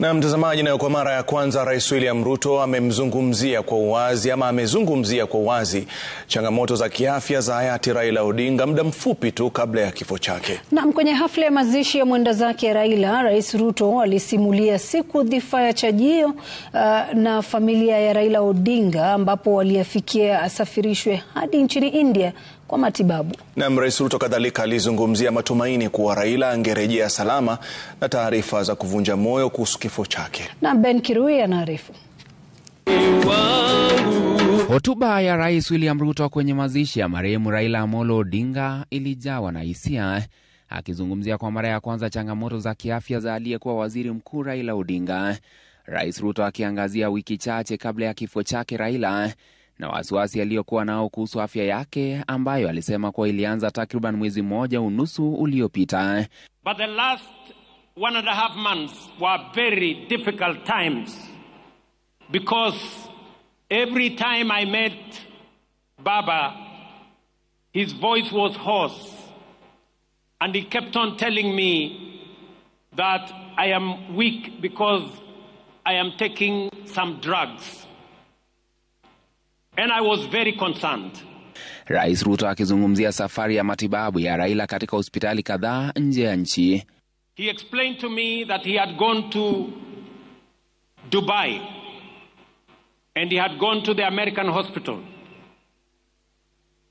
Na mtazamaji, nayo kwa mara ya kwanza Rais William Ruto amemzungumzia kwa uwazi ama amezungumzia kwa uwazi changamoto za kiafya za hayati Raila Odinga muda mfupi tu kabla ya kifo chake. Naam, kwenye hafla ya mazishi ya mwenda zake Raila, Rais Ruto alisimulia siku dhifa ya chajio uh, na familia ya Raila Odinga ambapo waliafikia asafirishwe hadi nchini India kwa matibabu. Nam Rais Ruto kadhalika alizungumzia matumaini kuwa Raila angerejea salama na taarifa za kuvunja moyo kuhusu kifo chake. Na Ben Kirui anaarifu. Hotuba ya Rais William Ruto kwenye mazishi ya marehemu Raila Amolo Odinga ilijawa na hisia, akizungumzia kwa mara ya kwanza changamoto za kiafya za aliyekuwa waziri mkuu Raila Odinga. Rais Ruto akiangazia wiki chache kabla ya kifo chake Raila na wasiwasi aliyokuwa nao kuhusu afya yake ambayo alisema kuwa ilianza takriban mwezi mmoja unusu uliopita. But the last one and a half months were very difficult times because every time I met Baba his voice was hoarse and he kept on telling me that I am weak because I am taking some drugs. And I was very concerned. Rais Ruto akizungumzia safari ya matibabu ya Raila katika hospitali kadhaa nje ya nchi. He explained to me that he had gone to Dubai and he had gone to the American hospital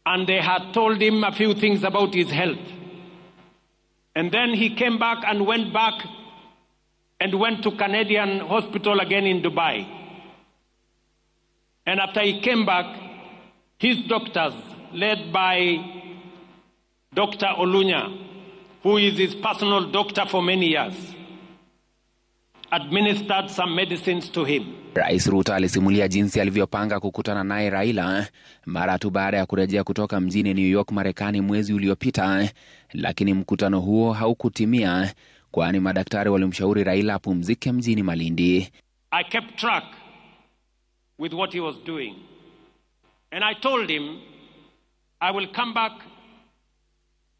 and they had told him a few things about his health. And then he came back and went back and went to Canadian hospital again in Dubai. And after he came back, his doctors, led by Dr. Olunya, who is his personal doctor for many years, administered some medicines to him. Rais Ruto alisimulia jinsi alivyopanga kukutana naye Raila eh, mara tu baada ya kurejea kutoka mjini New York, Marekani mwezi uliopita, eh, lakini mkutano huo haukutimia eh, kwani madaktari walimshauri Raila apumzike mjini Malindi. I kept track with what he was doing. And I told him, I will come back,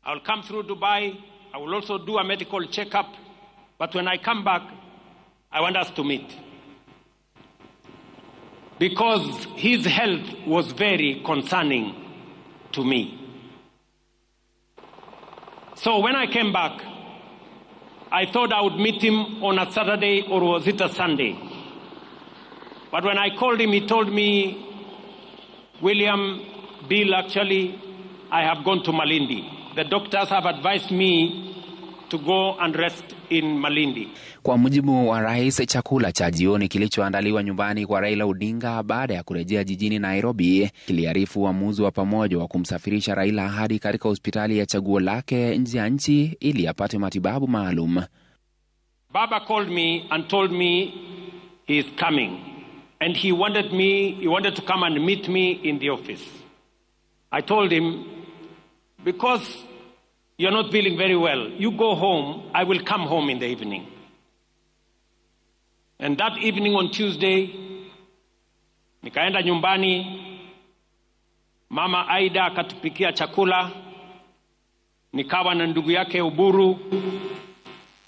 I will come through Dubai, I will also do a medical checkup, but when I come back, I want us to meet. Because his health was very concerning to me. So when I came back, I thought I would meet him on a Saturday or was it a Sunday? But when I called him, he told me, William Bill, actually, I have gone to Malindi. The doctors have advised me to go and rest in Malindi. Kwa mujibu wa rais, chakula cha jioni kilichoandaliwa nyumbani kwa Raila Odinga baada ya kurejea jijini Nairobi kiliarifu uamuzi wa pamoja wa kumsafirisha Raila hadi katika hospitali ya chaguo lake nje ya nchi ili apate matibabu maalum. Baba called me and told me he is coming. and he wanted me, he wanted to come and meet me in the office. I told him, because you're not feeling very well, you go home, I will come home in the evening. And that evening on Tuesday, nikaenda nyumbani, mama Aida akatupikia chakula, nikawa na ndugu yake Uburu,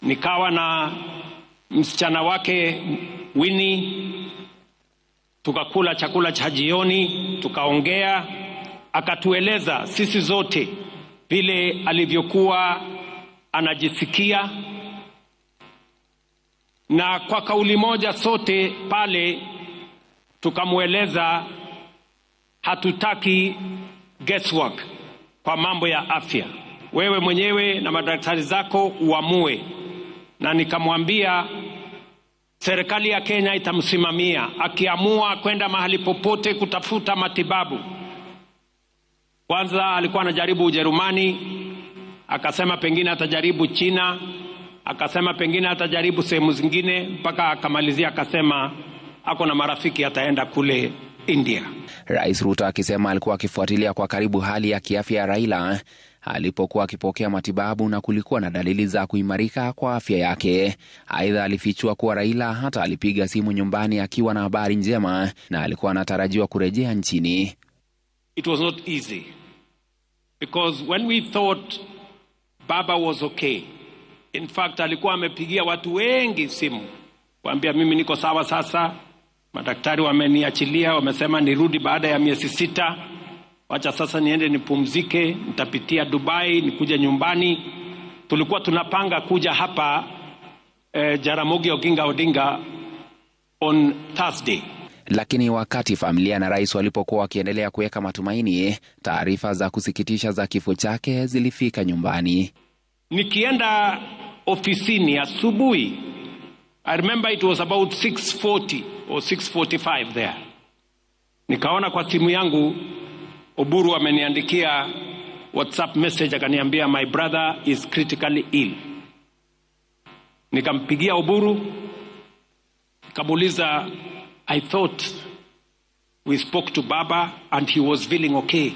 nikawa na msichana wake Winnie tukakula chakula cha jioni, tukaongea, akatueleza sisi zote vile alivyokuwa anajisikia, na kwa kauli moja sote pale tukamweleza hatutaki guesswork kwa mambo ya afya, wewe mwenyewe na madaktari zako uamue. Na nikamwambia Serikali ya Kenya itamsimamia akiamua kwenda mahali popote kutafuta matibabu. Kwanza alikuwa anajaribu Ujerumani, akasema pengine atajaribu China, akasema pengine atajaribu sehemu zingine, mpaka akamalizia akasema ako na marafiki ataenda kule India. Rais Ruto akisema alikuwa akifuatilia kwa karibu hali ya kiafya ya Raila alipokuwa akipokea matibabu na kulikuwa na dalili za kuimarika kwa afya yake. Aidha, alifichua kuwa Raila hata alipiga simu nyumbani akiwa na habari njema na alikuwa anatarajiwa kurejea nchini. It was not easy because when we thought baba was okay, in fact alikuwa amepigia watu wengi simu kuambia mimi niko sawa sasa, madaktari wameniachilia, wamesema nirudi baada ya miezi sita wacha sasa niende nipumzike, nitapitia Dubai, nikuja nyumbani. Tulikuwa tunapanga kuja hapa eh, Jaramogi Oginga Odinga on Thursday lakini wakati familia na rais walipokuwa wakiendelea kuweka matumaini, taarifa za kusikitisha za kifo chake zilifika nyumbani. Nikienda ofisini asubuhi, I remember it was about 640 or 645 there, nikaona kwa simu yangu Oburu ameniandikia WhatsApp message akaniambia, my brother is critically ill. Nikampigia Oburu nikamuuliza, I thought we spoke to Baba and he was feeling okay,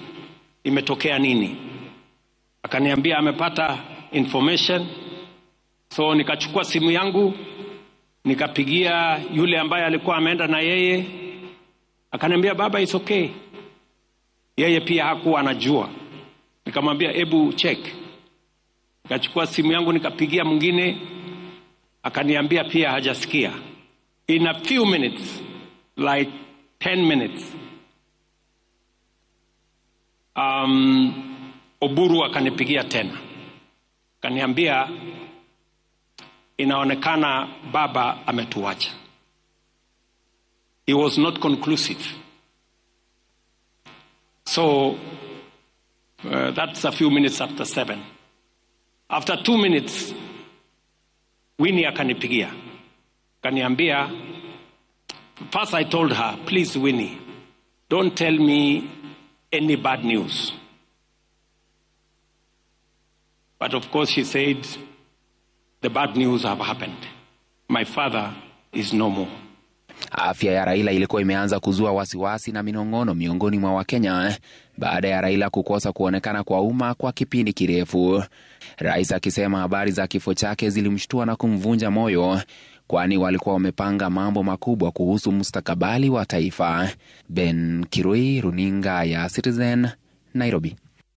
imetokea nini? Akaniambia amepata information, so nikachukua simu yangu nikapigia yule ambaye alikuwa ameenda na yeye, akaniambia baba, it's okay yeye pia hakuwa anajua. Nikamwambia hebu check, nikachukua simu yangu nikapigia mwingine, akaniambia pia hajasikia. In a few minutes like 10 minutes um, Oburu akanipigia tena, akaniambia inaonekana baba ametuacha. He was not conclusive. So uh, that's a few minutes after seven. After two minutes, Winnie akanipigia kaniambia. First, I told her, please, Winnie, don't tell me any bad news. But of course, she said, the bad news have happened. My father is no more. Afya ya Raila ilikuwa imeanza kuzua wasiwasi wasi na minong'ono miongoni mwa Wakenya eh, baada ya Raila kukosa kuonekana kwa umma kwa kipindi kirefu. Rais akisema habari za kifo chake zilimshtua na kumvunja moyo kwani walikuwa wamepanga mambo makubwa kuhusu mustakabali wa taifa. Ben Kirui, Runinga ya Citizen, Nairobi.